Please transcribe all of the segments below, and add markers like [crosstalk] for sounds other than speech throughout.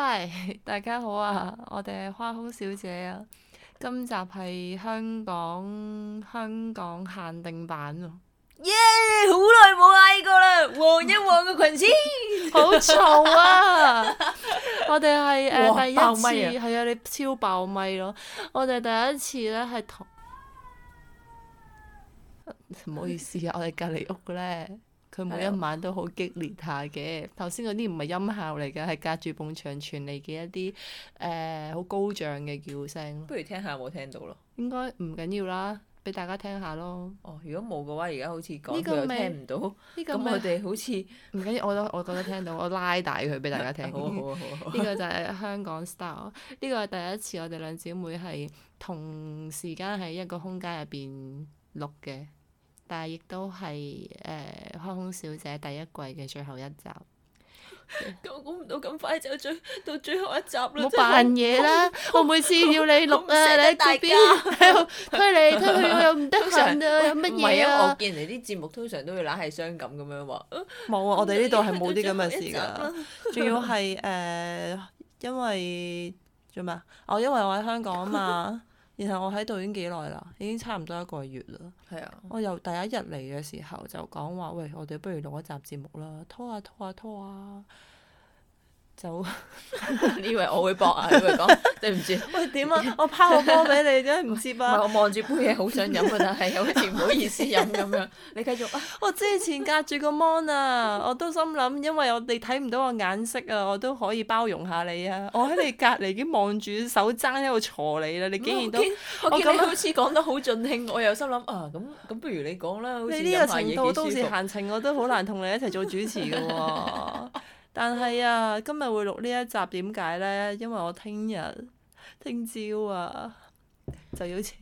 Hi, 大家好啊！啊我哋係花轟小姐啊，今集係香港香港限定版 yeah, 王王 [laughs] 啊。耶！ [laughs] 好耐冇嗌過啦，晃一晃個裙子。好嘈啊！我哋係誒第一次，係啊，啊，你超爆咪咯！我哋第一次咧係同唔 [laughs] 好意思啊，我哋隔籬屋嘅咧。佢每一晚都好激烈下嘅，頭先嗰啲唔係音效嚟嘅，係隔住埲牆傳嚟嘅一啲誒好高漲嘅叫聲。不如聽下有冇聽到咯？應該唔緊要啦，俾大家聽下咯。哦，如果冇嘅話，而家好似講又咩？聽唔到。呢個咩？咁我哋好似唔緊要，我都我覺得聽到，我拉大佢俾大家聽。 [laughs] 好好好，好。呢 [laughs] 個就係香港 style 呢個係第一次我哋兩姊妹係同時間喺一個空間入邊錄嘅。但係亦都係誒、呃《花轟小姐》第一季嘅最後一集。我估唔到咁快就最到最後一集啦！冇扮嘢啦，我每次要你錄啊，你喺邊推嚟推去又唔得閒啊，有乜嘢啊，啊？我見人哋啲節目通常都會懶係傷感咁樣喎。冇 [laughs] 啊，我哋呢度係冇啲咁嘅事㗎。仲要係誒，因為做咩啊？我、哦、因為我喺香港啊嘛。 [laughs] 然後我喺度已經幾耐啦，已經差唔多一個月啦。係啊、我由第一日嚟嘅時候就講話，喂，我哋不如錄一集節目啦，拖啊拖啊拖啊。拖啊你以為我會搏啊！你咪講對唔住。喂點啊？我拋個波俾你啫，唔接吧。我望住杯嘢好想飲嘅，但係又好似唔好意思飲咁樣。你繼續啊！我之前隔住個 mon 啊，我都心諗，因為我哋睇唔到我眼色啊，我都可以包容下你啊。我喺你隔離已經望住手踭喺度鋤你啦，你竟然都我咁好似講得好盡興，我又心諗啊咁咁，不如你講啦。你呢個程度都是閒情，我都好難同你一齊做主持嘅喎。但係啊，今日會錄呢一集點解咧？因為我聽日、聽朝啊，就要扯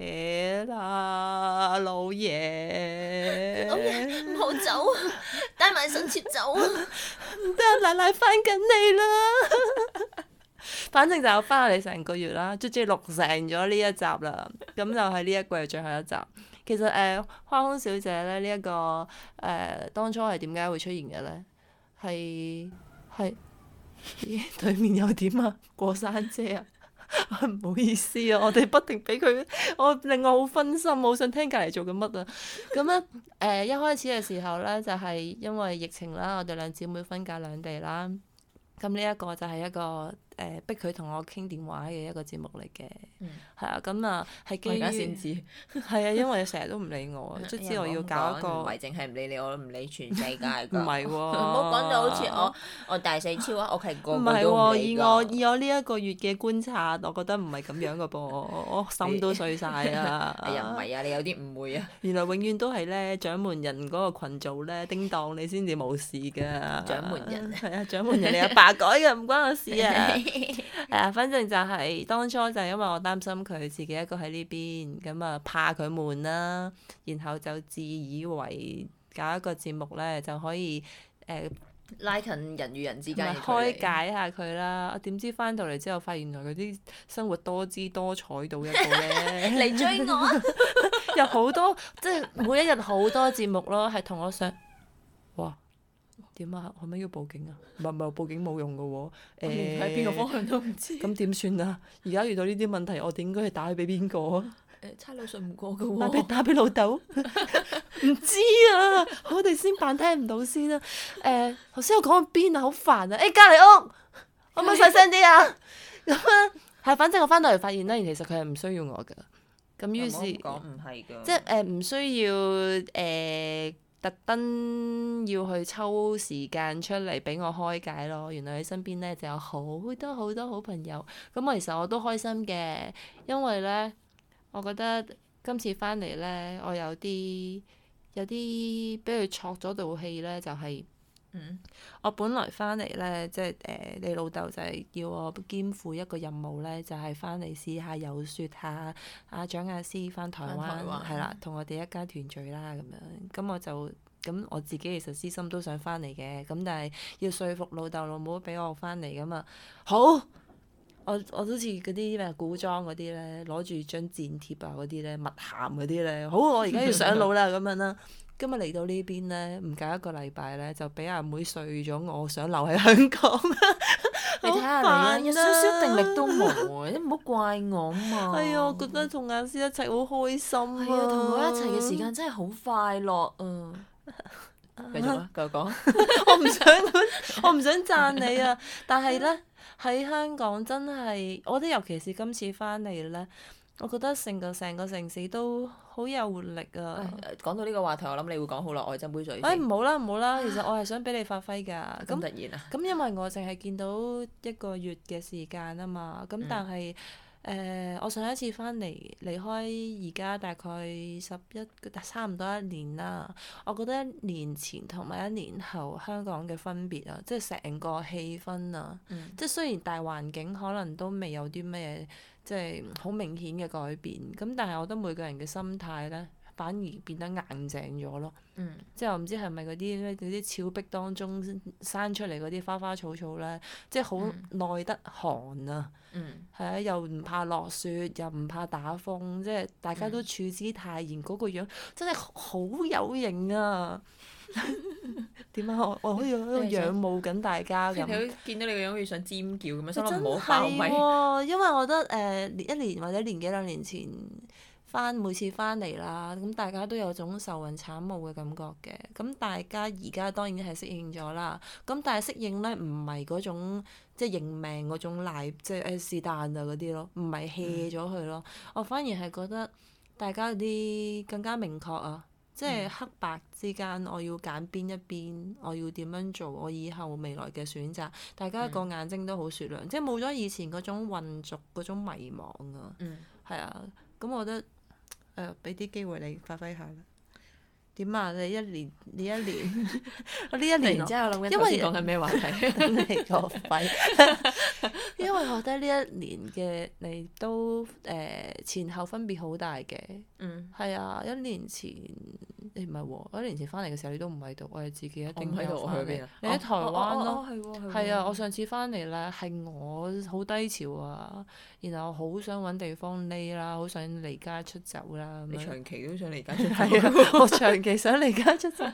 啦，老嘢！老嘢、okay，唔好走啊！帶埋神切走啊！唔得，奶奶翻緊你啦！反正就翻嚟成個月啦，最終於錄成咗呢一集啦，咁 [laughs] 就係呢一季最後一集。其實誒、呃，花轟小姐咧呢一、這個誒、呃，當初係點解會出現嘅咧？係。係，咦，對面又點啊？過山車啊！唔 [laughs] 好意思啊，我哋不停俾佢，我令我好分心，我好想聽隔離做緊乜啊！咁 [laughs] 咧、啊，誒、呃，一開始嘅時候咧，就係、是、因為疫情啦，我哋兩姊妹分隔兩地啦。咁呢一個就係一個。誒，逼佢同我傾電話嘅一個節目嚟嘅，係啊，咁啊係傾完先知係啊，因為成日都唔理我，卒之我要搞一個。唔係淨係唔理你，我唔理全世界噶，唔好講到好似我我大四超啊，我係個個都唔理噶。唔係喎，以我以我呢一個月嘅觀察，我覺得唔係咁樣噶噃，我心都碎晒啊。哎呀，唔係啊？你有啲誤會啊？原來永遠都係咧，掌門人嗰個群組咧，叮當你先至冇事噶。掌門人係啊，掌門人你阿爸改嘅，唔關我事啊。係啊、 [laughs] 呃，反正就係、是、當初就因為我擔心佢自己一個喺呢邊，咁啊怕佢悶啦，然後就自以為搞一個節目咧就可以誒、呃、拉近人與人之間，開解下佢啦。點知翻到嚟之後，發現原來佢啲生活多姿多彩到一個咧，嚟 [laughs] [laughs] 追我， [laughs] [laughs] 有好多即係每一日好多節目咯，係同 [laughs] 我想。點啊？係咪要報警啊？唔係唔係，報警冇用噶喎。喺邊個方向都唔知。咁點算啊？而家遇到呢啲問題，我點解要打去俾邊個啊？誒、欸，差佬信唔過噶喎、啊。打俾老豆？唔 [laughs] [laughs] 知啊！我哋先扮聽唔到先啊。誒、欸，頭先我講到邊啊？好煩啊！誒、欸，隔離屋，可唔的可以細聲啲啊？咁啊，係，反正我翻到嚟發現咧，其實佢係唔需要我噶。咁於是，即係誒唔需要誒。呃呃呃特登要去抽時間出嚟俾我開解咯，原來佢身邊咧就有好多好多好朋友，咁其實我都開心嘅，因為咧我覺得今次翻嚟咧我有啲有啲俾佢戳咗道氣咧就係、是。嗯，我本來翻嚟咧，即係誒，你老豆就係叫我肩負一個任務咧，就係翻嚟試下游說下阿蔣阿師翻台灣，係啦，同我哋一家團聚啦咁樣。咁我就咁我自己其實私心都想翻嚟嘅，咁但係要說服老豆老母俾我翻嚟噶嘛。好，我我好似嗰啲咩古裝嗰啲咧，攞住張剪貼啊嗰啲咧，密函嗰啲咧，好我而家要上路啦咁 [laughs] 樣啦。今日嚟到邊呢邊咧，唔夠一個禮拜咧，就俾阿妹睡咗。我想留喺香港， [laughs] 你睇下你啦，有 [laughs] 的少少定力都冇嘅，你唔好怪我啊嘛。係啊、 [laughs] 哎，我覺得同阿詩一齊好開心啊，同佢、哎、一齊嘅時間真係好快樂啊。 [laughs] 繼續啊，繼續講。 [laughs] [laughs] 我唔想，我唔想讚你啊！但係咧，喺香港真係，我覺得尤其是今次翻嚟咧。我覺得成個成個城市都好有活力啊！講、哎、到呢個話題，我諗你會講、哎、好耐，斟杯水。哎唔好啦唔好啦，其實我係想俾你發揮㗎。咁、啊、咁突然咁、啊、因為我淨係見到一個月嘅時間啊嘛，咁但係誒、嗯呃、我上一次翻嚟離開而家大概十一差唔多一年啦。我覺得一年前同埋一年後香港嘅分別啊，即係成個氣氛啊，即係、嗯、雖然大環境可能都未有啲咩。即係好明顯嘅改變，咁但係我覺得每個人嘅心態咧。反而變得硬淨咗咯，嗯、即係我唔知係咪嗰啲咩，嗰啲峭壁當中生出嚟嗰啲花花草草咧，即係好耐得寒啊，係、嗯、啊，又唔怕落雪，又唔怕打風，即係大家都處之泰然嗰、嗯、個樣，真係好有型啊！點 [laughs] 啊，我我可以喺度仰慕緊大家咁。 [laughs] 見到你個樣好似想尖叫咁樣，所以唔冇反胃。因為我覺得誒、uh, 一年或者年幾兩年前。返每次返嚟啦，咁大家都有種愁雲慘霧嘅感覺嘅。咁大家而家當然係適應咗啦。咁但係適應咧，唔係嗰種即係認命嗰種賴，即係誒是但、哎、啊嗰啲咯，唔係 hea 咗佢咯。嗯、我反而係覺得大家啲更加明確啊，即係黑白之間，我要揀邊一邊，我要點樣做，我以後未來嘅選擇，大家個眼睛都好雪亮，嗯、即係冇咗以前嗰種混濁嗰種迷惘啊。係、嗯、啊，咁我覺得。誒，俾啲、uh, 機會你發揮下啦。點啊？你一年呢一年，我呢 [laughs] [laughs] 一年之後諗緊，因為講緊咩話題呀你個肺？ [laughs] 因為我覺得呢一年嘅你都誒、呃、前後分別好大嘅。嗯，係、mm. 啊！一年前誒唔係喎，哎、一年前翻嚟嘅時候你都唔喺度，我哋自己一定喺度又去邊啊？你喺台灣咯、啊，係、哦哦哦、啊，我上次翻嚟啦，係我好低潮啊，然後好想揾地方匿啦，好想離家出走啦、啊。你長期都想離家出走、啊？係啊，我長期想離家出走，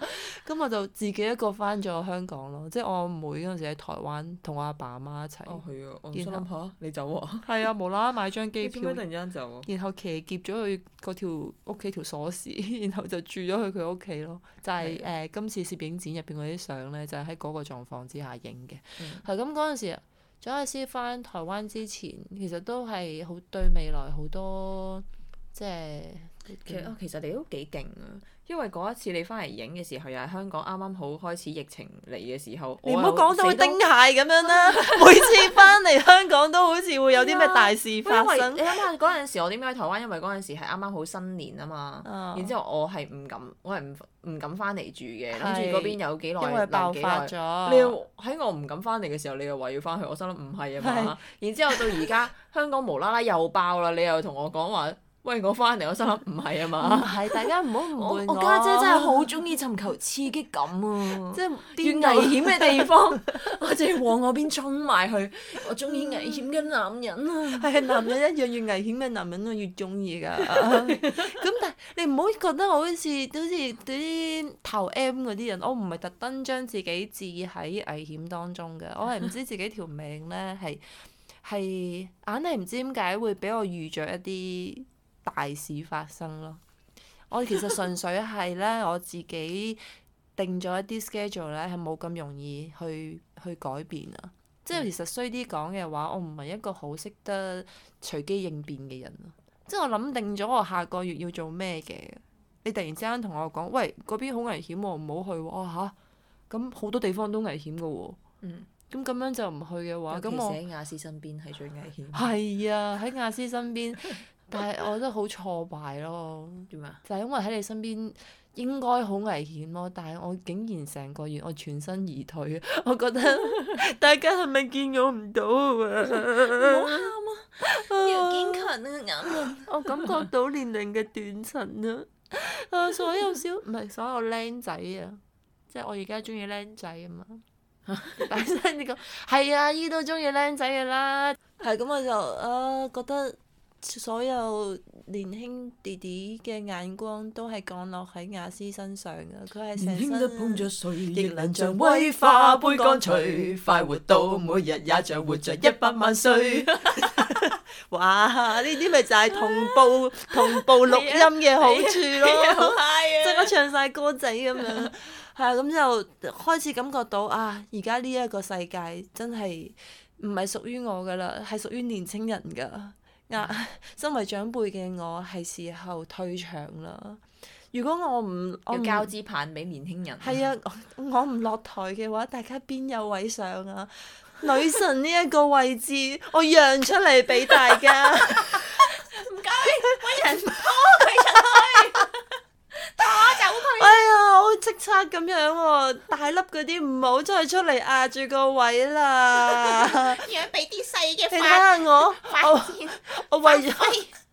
咁 [laughs] [laughs] 我就自己一個翻咗香港咯。即係我阿妹嗰陣時喺台灣同我阿爸阿媽一齊。哦，係、啊、我想嚇後後你走喎、啊。係 [laughs] 啊，無啦啦買張機票。突然之間、啊、騎劫咗佢嗰條。屋企條鎖匙，然後就住咗去佢屋企咯。就係、是、誒的、呃、今次攝影展入邊嗰啲相咧，就係喺嗰個狀況之下影嘅。係咁嗰陣時啊，Ziya 返台灣之前，其實都係好對未來好多即係、嗯、其實，哦、其實你都幾勁啊！因為嗰一次你翻嚟影嘅時候，又係香港啱啱好開始疫情嚟嘅時候，你唔好講到會丁蟹咁樣啦、啊。 [laughs] 每次翻嚟香港都好似會有啲咩大事發生。你諗下嗰陣時，我點解喺台灣？因為嗰陣時係啱啱好新年啊嘛。哦、然後之後我係唔敢，我係唔唔敢翻嚟住嘅。諗住嗰邊有幾耐？因為爆發咗。你喺我唔敢翻嚟嘅時候，你又話要翻去。我心諗唔係啊嘛。是然之後到而家 [laughs] 香港無啦啦又爆啦，你又同我講話。喂，我翻嚟，我心諗唔係啊嘛。唔係，大家唔好誤會 [laughs] 我家姐，姐真係好中意尋求刺激感啊！ [laughs] 即係越危險嘅地方， [laughs] 我就要往嗰邊衝埋去。 [laughs] 我中意危險嘅男人啊！係 [laughs] 男人一樣，越，越危險嘅男人我越中意㗎。咁 [laughs] [laughs] 但係你唔好覺得我好似好似啲頭 M 嗰啲人，我唔係特登將自己置喺危險當中嘅，我係唔知自己條命咧係係硬係唔知點解會俾我遇着一啲。大事發生咯！我其實純粹係咧， [laughs] 我自己定咗一啲 schedule 咧，係冇咁容易去去改變啊。即係其實衰啲講嘅話，我唔係一個好識得隨機應變嘅人。即係我諗定咗，我下個月要做咩嘅？你突然之間同我講，喂，嗰邊好危險，我唔好去喎！嚇、哦，咁、啊、好多地方都危險㗎喎。咁咁、嗯、樣就唔去嘅話，咁我企喺亞斯身邊係最危險。係 [laughs] [laughs] 啊，喺亞斯身邊。 [laughs] 但係我覺得好挫敗咯，點解？就係因為喺你身邊應該好危險咯，但係我竟然成個月我全身而退， [laughs] 我覺得大家係咪見,見、啊、我唔到啊？唔好喊啊！要堅強啊！ [laughs] 我感覺到年齡嘅斷層啦，啊所有小唔係所有僆仔啊,啊, [laughs] 啊，即係我而家中意僆仔啊嘛！大聲啲講，係阿姨都中意僆仔噶啦，係咁我就啊覺得。所有年輕弟弟嘅眼光都係降落喺雅思身上噶，佢係成身，都輕得捧著睡蓮像威化杯乾脆，快活到每日也像活著一百萬歲。哇！呢啲咪就係同步同步錄音嘅好處咯，即係我唱晒歌仔咁樣。係啊，咁就開始感覺到啊，而家呢一個世界真係唔係屬於我㗎啦，係屬於年青人㗎。啊！身為長輩嘅我係時候退場啦。如果我唔我交支棒俾年輕人，係啊，我唔落台嘅話，大家邊有位上啊？女神呢一個位置， [laughs] 我讓出嚟俾大家。唔該， [laughs] 揾人拖佢出去 [laughs] 差咁樣喎。哦，大粒嗰啲唔好再出嚟壓住個位啦。讓俾啲細嘅。你睇下我， [laughs] 我我為咗。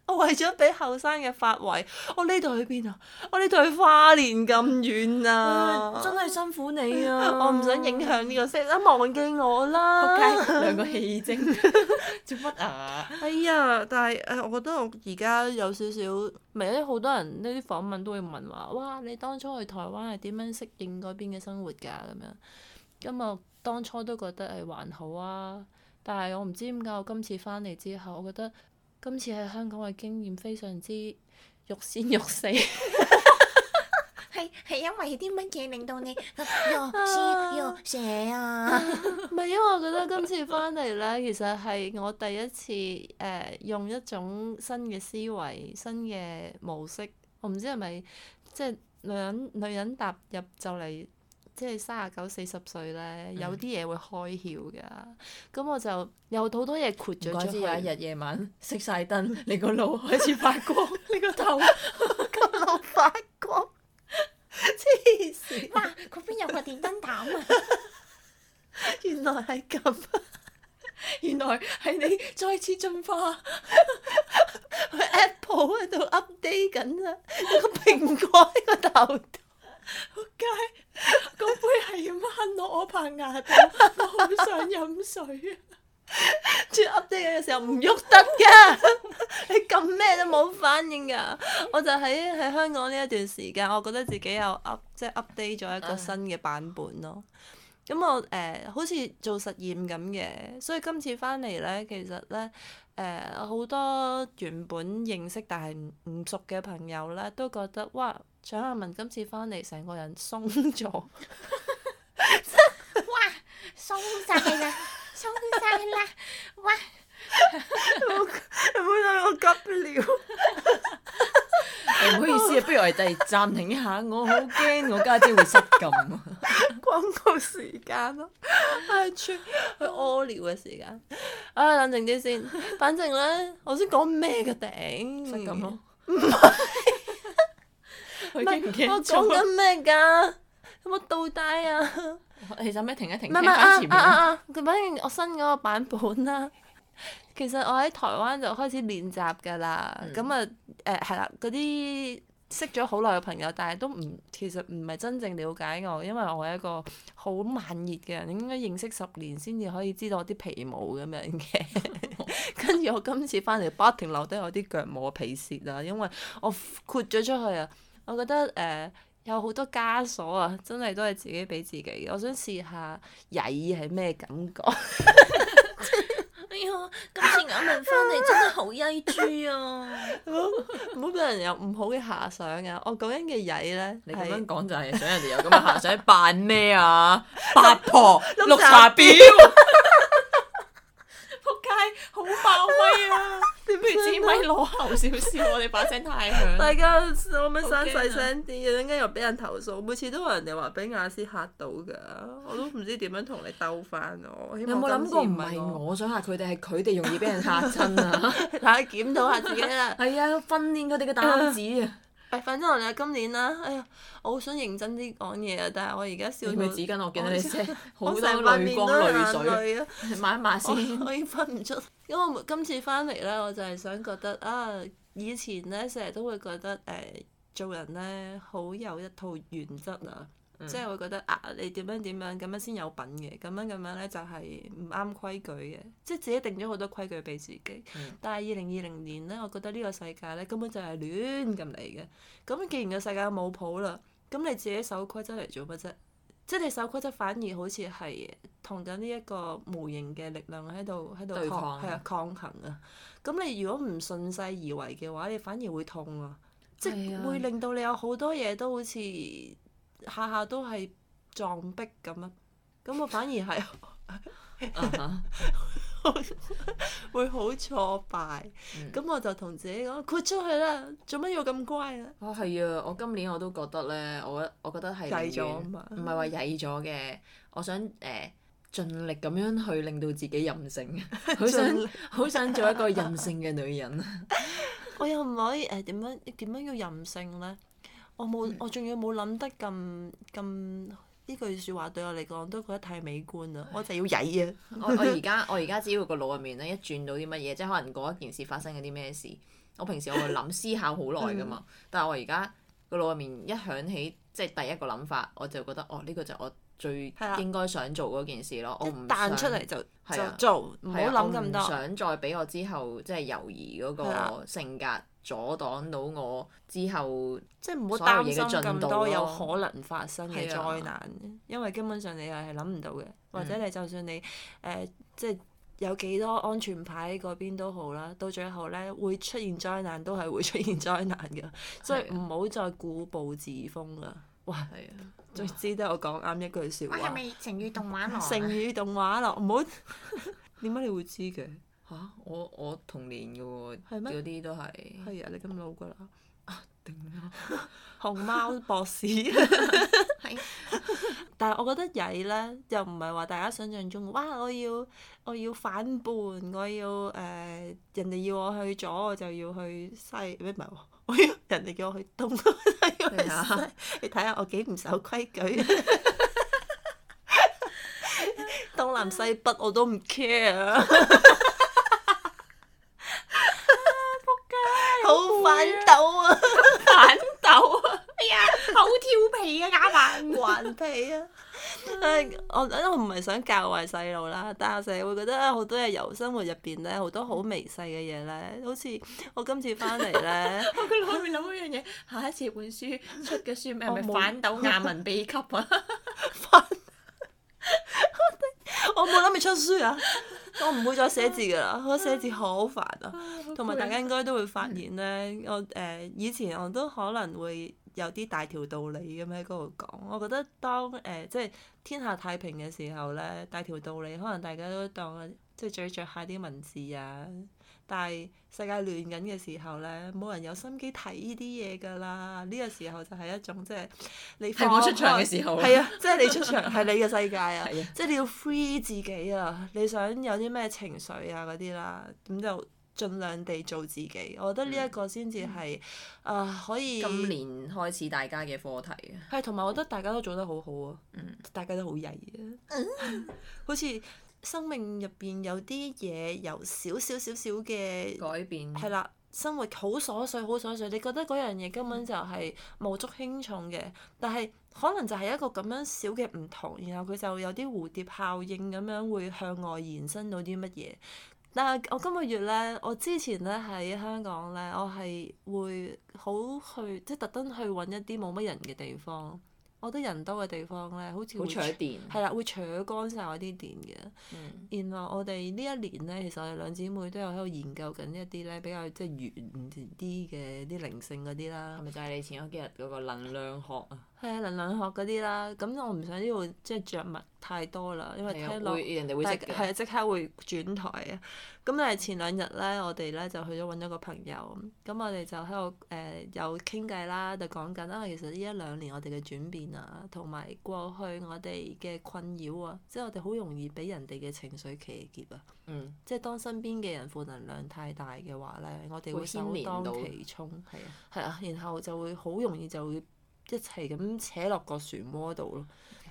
我為咗俾後生嘅發圍，我呢度去邊啊？我呢度去花蓮咁遠啊！哎、真係辛苦你啊！我唔想影響呢個息，啊 [laughs] 忘記我啦！Okay, 兩個戲精 [laughs] [laughs] 做乜啊？哎呀！但係誒，我覺得我而家有少少，唔係，好多人呢啲訪問都會問話，哇！你當初去台灣係點樣適應嗰邊嘅生活㗎？咁樣咁啊，我當初都覺得係還好啊，但係我唔知點解我今次翻嚟之後，我覺得。今次喺香港嘅經驗非常之慾仙慾死。係係因為啲乜嘢令到你慾仙慾死啊？唔係，因為我覺得今次翻嚟咧，其實係我第一次誒、呃、用一種新嘅思維、新嘅模式，我唔知係咪即係女人女人踏入就嚟。即係三十九四十歲咧，有啲嘢會開竅噶，咁、嗯、我就有好多嘢括咗之後，有一日夜晚熄晒燈，你個腦開始發光， [laughs] 你個的頭金流發光，黐線！哇，佢邊有個電燈膽啊， [laughs] [laughs] 啊！原來係咁，原來係你再次進化， [laughs] [laughs] App 個 Apple 喺度 update 緊啦，個蘋果喺個頭。我怕牙，我好想飲水啊！仲 [laughs] update 嘅時候唔喐得㗎， [laughs] [laughs] 你撳咩都冇反應㗎。我就喺喺香港呢一段時間，我覺得自己又 update up 即係 update 咗一個新嘅版本咯。咁、啊、我誒、呃、好似做實驗咁嘅，所以今次翻嚟咧，其實咧誒好多原本認識但係唔熟嘅朋友咧，都覺得哇！蔣雅文今次翻嚟，成個人鬆咗。 [laughs] 鬆晒啦，鬆晒啦，喂！有好有我急尿？唔好意思啊，不如我哋暫停一下，我好驚我家姐會失禁啊！廣告時間咯，去屙尿嘅時間。啊，冷靜啲先，反正咧，我先講咩嘅頂？失禁咯？唔係，我講緊咩噶？有冇到底啊？你使咩停一停？唔係啊啊啊！佢反正我新嗰個版本啦。其實我喺台灣就開始練習㗎啦。咁啊誒係啦，嗰啲、呃、識咗好耐嘅朋友，但係都唔其實唔係真正了解我，因為我係一個好慢熱嘅人，應該認識十年先至可以知道我啲皮毛咁樣嘅。 [laughs] [laughs] 跟住我今次翻嚟，不停留低我啲腳毛啊、皮屑啊，因為我豁咗出去啊。我覺得誒。呃有好多枷鎖啊！真係都係自己俾自己。我想試下曳係咩感覺。 [laughs] [laughs] 哎呀，今次 Yawen 返嚟真係好曳豬啊！唔好俾人有唔好嘅遐想啊！我講緊嘅曳咧，你咁樣講就係想人哋有咁嘅遐想，扮咩啊？ [laughs] 八婆綠茶婊。咪唔知咪落後少少，我哋把聲太響。大家可唔可以生細聲啲？陣間又俾人投訴？每次都話人哋話俾亞視嚇到㗎，我都唔知點樣同你鬥翻。我冇諗過我唔係我想嚇佢哋，係佢哋容易俾人嚇親啊！大家檢討下自己啦。係啊，訓練佢哋嘅膽子啊！反正我哋今年啦，哎呀，我好想認真啲講嘢啊，但係我而家笑到。係紙巾，我見到你先。好多淚光淚水啊！買一買先。我已經分唔出，因為我今次翻嚟咧，我就係想覺得啊，以前咧成日都會覺得誒、欸，做人咧好有一套原則啊，嗯、即係會覺得啊，你點樣點樣咁樣先有品嘅，咁樣咁樣咧就係唔啱規矩嘅，即係自己定咗好多規矩俾自己。嗯、但係二零二零年咧，我覺得呢個世界咧根本就係亂咁嚟嘅。咁既然個世界冇譜啦，咁你自己守規則嚟做乜啫？即你守規則反而好似係同緊呢一個無形嘅力量喺度喺度抗係方啊抗衡啊！咁你如果唔順勢而為嘅話，你反而會痛啊！啊即會令到你有好多嘢都好似下下都係撞壁咁啊！咁我反而係。 [laughs] 會好挫敗，咁、嗯、我就同自己講豁出去啦，做乜要咁乖啊？啊係啊，我今年我都覺得咧，我我覺得係曳咗，唔係話曳咗嘅，嗯、我想誒盡、呃、力咁樣去令到自己任性，好想 [laughs] 盡力 好想做一個任性嘅女人。 [laughs] 我又唔可以誒點樣點樣叫任性咧？我冇，我仲要冇諗得咁咁。嗯 [laughs] 呢句説話對我嚟講都覺得太美觀啊！我就要曳啊！ [laughs] 我而家我而家只要個腦入面咧一轉到啲乜嘢，即可能嗰一件事發生咗啲咩事，我平時我會諗思考好耐噶嘛。 [laughs] 但係我而家個腦入面一響起，即係第一個諗法，我就覺得哦，呢、呢個就我最應該想做嗰件事咯。啊、我唔彈出嚟就，啊、就做，唔好諗咁多。唔、啊、想再俾我之後即係猶豫嗰個性格。阻擋到我之後，即係唔好擔心咁多有可能發生嘅災難，的因為根本上你又係諗唔到嘅，嗯、或者你就算你誒、呃，即係有幾多安全牌嗰邊都好啦，到最後咧會出現災難，都係會出現災難嘅，的所以唔好再固步自封啦。哇，係啊，總之都我講啱一句説話。我係咪成語動畫廊？成語動畫廊唔好，點解你會知嘅？嚇、啊！我我同年嘅喎，嗰啲嗎都係係、哎、啊！你咁老噶啦啊！頂啊！熊貓博士， [laughs] [laughs] 但係我覺得曳咧，又唔係話大家想象中哇！我要我要反叛，我要誒人哋要我去左，我就要去西。唔係我要人哋叫我去東，我就要去西。你睇下我幾唔守規矩啊！ [laughs] 東南西北我都唔 care。 [laughs] 而家啱還還皮啊！呃、我我唔係想教壞細路啦，但係我成日會覺得好多嘢由生活入邊咧，好多好微細嘅嘢咧，好似我今次翻嚟咧， [laughs] 我個面諗一樣嘢，下一次本書出嘅書名係咪反斗亞文秘笈？啊？我冇諗住出書啊！我唔會再寫字噶啦，我寫字好煩啊！同埋 [laughs] 大家應該都會發現咧， [laughs] 嗯、我誒、呃、以前我都可能會。有啲大條道理咁喺嗰度講，我覺得當誒、呃、即係天下太平嘅時候咧，大條道理可能大家都當即係咀嚼下啲文字啊。但係世界亂緊嘅時候咧，冇人有心機睇依啲嘢㗎啦。呢、這個時候就係一種即係你放我出場嘅時候，係 [laughs] 啊，即係你出場係 [laughs] 你嘅世界啊，啊即係你要 free 自己啊，你想有啲咩情緒啊嗰啲啦，咁、啊、就。盡量地做自己，我覺得呢一個先至係啊可以。今年開始大家嘅課題啊。係，同埋我覺得大家都做得好好啊，嗯、大家都好曳啊，嗯、 [laughs] 好似生命入邊有啲嘢由少少少少嘅改變。係啦，生活好瑣碎，好瑣碎。你覺得嗰樣嘢根本就係無足輕重嘅，嗯、但係可能就係一個咁樣小嘅唔同，然後佢就有啲蝴蝶效應咁樣會向外延伸到啲乜嘢。但係我今個月咧，我之前咧喺香港咧，我係會好去即特登去揾一啲冇乜人嘅地方，我覺得人多嘅地方咧，好似會好搶電，係啦，會搶乾曬我啲電嘅。嗯、然後我哋呢一年咧，其實我哋兩姊妹都有喺度研究緊一啲咧比較即係玄啲嘅啲靈性嗰啲啦。係咪就係你前嗰幾日嗰個能量學啊？係啊，能量學嗰啲啦，咁我唔想呢度即係着墨太多啦，因為聽落人會啊，即刻會轉台啊。咁但係前兩日咧，我哋咧就去咗揾咗個朋友，咁我哋就喺度誒有傾偈啦，就講緊啊，其實呢一兩年我哋嘅轉變啊，同埋過去我哋嘅困擾啊，即係我哋好容易俾人哋嘅情緒騎劫啊。嗯。即係當身邊嘅人負能量太大嘅話咧，我哋會首當其衝。係啊。係啊的，然後就會好容易就會。一齊咁扯落個漩渦度咯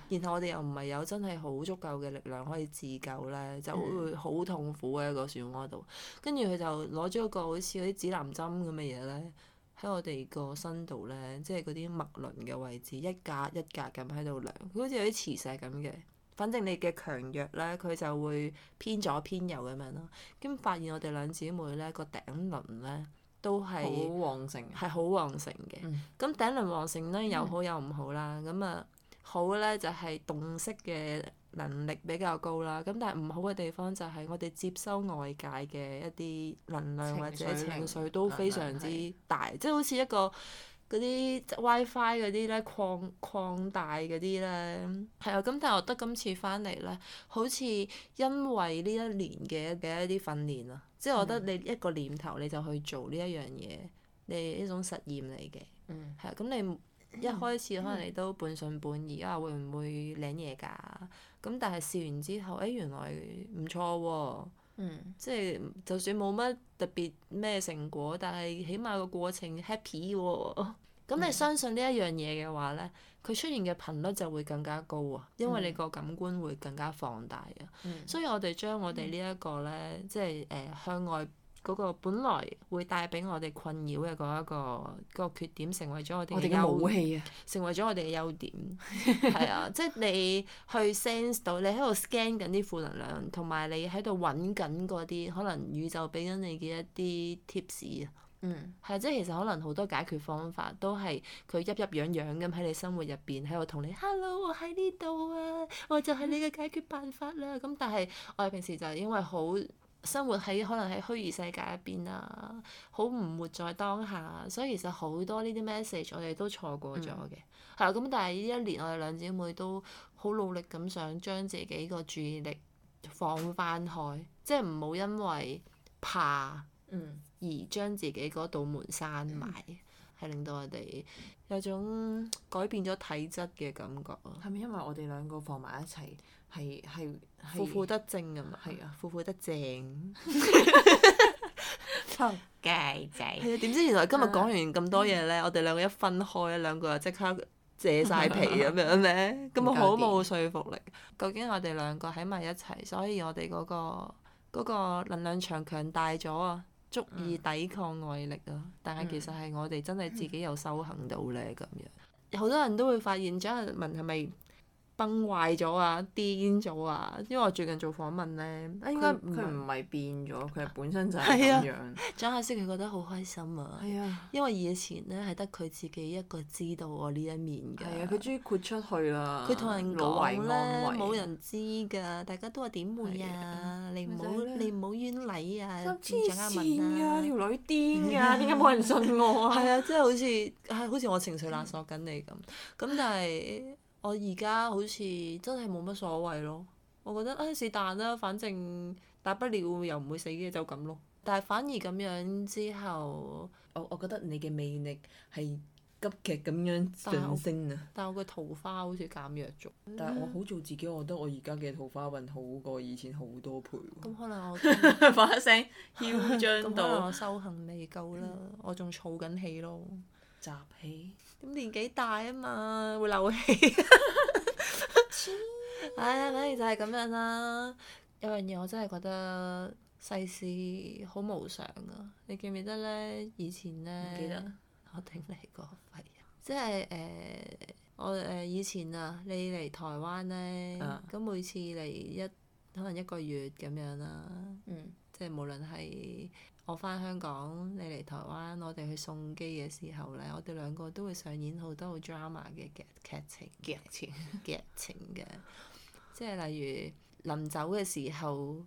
，Okay. 然後我哋又唔係有真係好足夠嘅力量可以自救咧，就會好痛苦嘅、啊、一、個漩渦度。跟住佢就攞咗一個好似嗰啲指南針咁嘅嘢咧，喺我哋個身度咧，即係嗰啲脈輪嘅位置一格一格咁喺度量，好似有啲磁石咁嘅。反正你嘅強弱咧，佢就會偏左偏右咁樣咯。咁發現我哋兩姊妹咧、個頂輪咧，都係好旺盛，係好旺盛嘅。咁、嗯、頂輪旺盛咧，有好有唔好啦。咁啊、嗯，好咧就係洞悉嘅能力比較高啦。咁但係唔好嘅地方就係我哋接收外界嘅一啲能量緒或者情緒都非常之大，即係、嗯、好似一個嗰啲 WiFi 嗰啲咧擴擴大嗰啲咧，係啊、嗯。咁但係我覺得今次翻嚟咧，好似因為呢一年嘅嘅一啲訓練啊。即係我覺得你一個念頭你就去做呢一樣嘢，你係一種實驗嚟嘅，係咁、嗯、你一開始、嗯、可能你都半信半疑啊，會唔會領嘢㗎？咁但係試完之後，誒、哎、原來唔錯喎、啊，嗯、即係就算冇乜特別咩成果，但係起碼個過程 happy 喎、啊。咁你相信呢一樣嘢嘅話咧，佢、mm. 出現嘅頻率就會更加高啊，因為你個感官會更加放大啊。Mm. 所以我哋將我哋呢一個咧，mm. 即係誒、呃、向外嗰個本來會帶俾我哋困擾嘅嗰一個、嗰個缺點，成為咗我哋嘅武器啊！成為咗我哋嘅優點，係 [laughs] 啊，即係你去 sense 到，你喺度 scan 緊啲負能量，同埋你喺度揾緊嗰啲可能宇宙俾緊你嘅一啲 tips 啊！嗯，係即係其實可能好多解決方法都係佢一樣一樣咁喺你生活入邊，喺度同你 hello 我喺呢度啊，我就係你嘅解決辦法啦。咁、嗯、但係我哋平時就係因為好生活喺可能喺虛擬世界入邊啊，好唔活在當下，所以其實好多呢啲 message 我哋都錯過咗嘅。係啊、嗯，咁但係呢一年我哋兩姐妹都好努力咁想將自己個注意力放翻開，即係唔好因為怕嗯。而將自己嗰道，道門閂埋，係令到我哋有種改變咗體質嘅感覺啊！係咪因為我哋兩個放埋一齊，係係負負得正咁、yeah. 啊？係啊，負負得正，仆街仔！係啊，點知原來今日講完咁多嘢咧，我哋兩個一分開，兩個又即刻謝曬皮咁樣咧，咁、嗯、咪好冇說服力？究竟我哋兩個喺埋一齊，所以我哋嗰、嗰個嗰、嗰個能量場強大咗啊！足以抵抗外力啊，嗯、但係其實係我哋真係自己有修行到咧咁、嗯、樣，好多人都會發現，張日文係咪？ [noise] 崩壞咗啊！癲咗啊！因為我最近做訪問咧，應該佢唔係變咗，佢本身就係咁樣。張亞詩佢覺得好開心啊！因為以前咧係得佢自己一個知道我呢一面嘅。係啊，佢終於豁出去啦！佢同人講咧，冇人知㗎，大家都話點會啊？你唔好你唔好冤禮啊！張亞文啊，條女癲㗎，點解冇人信我啊？係啊，即係好似係好似我情緒勒索緊你咁，咁但係。我而家好似真係冇乜所謂咯，我覺得唉，是但啦，反正大不了又唔會死嘅就咁咯。但係反而咁樣之後，我我覺得你嘅魅力係急劇咁樣上升啊！但我嘅桃花好似減弱咗。嗯、但係我好做自己，我覺得我而家嘅桃花運好過以前好多倍。咁、嗯、可能我把 [laughs] 聲囂張到。 [laughs] 我修行未夠啦，嗯、我仲儲緊氣咯。集氣，咁年紀大啊嘛，會漏氣、 [laughs] [laughs] [laughs] 哎。唉，反正就係咁樣啦、啊。有樣嘢我真係覺得世事好無常啊！你記唔記得咧？以前咧，記我聽你講係。即係誒、呃，我誒、呃、以前啊，你嚟台灣咧，咁、啊、每次嚟一可能一個月咁樣啦、啊，嗯、即係無論係。我翻香港，你嚟台灣，我哋去送機嘅時候咧，我哋兩個都會上演好多好 drama 嘅劇劇情劇情 [laughs] 劇情嘅，即係例如臨走嘅時候，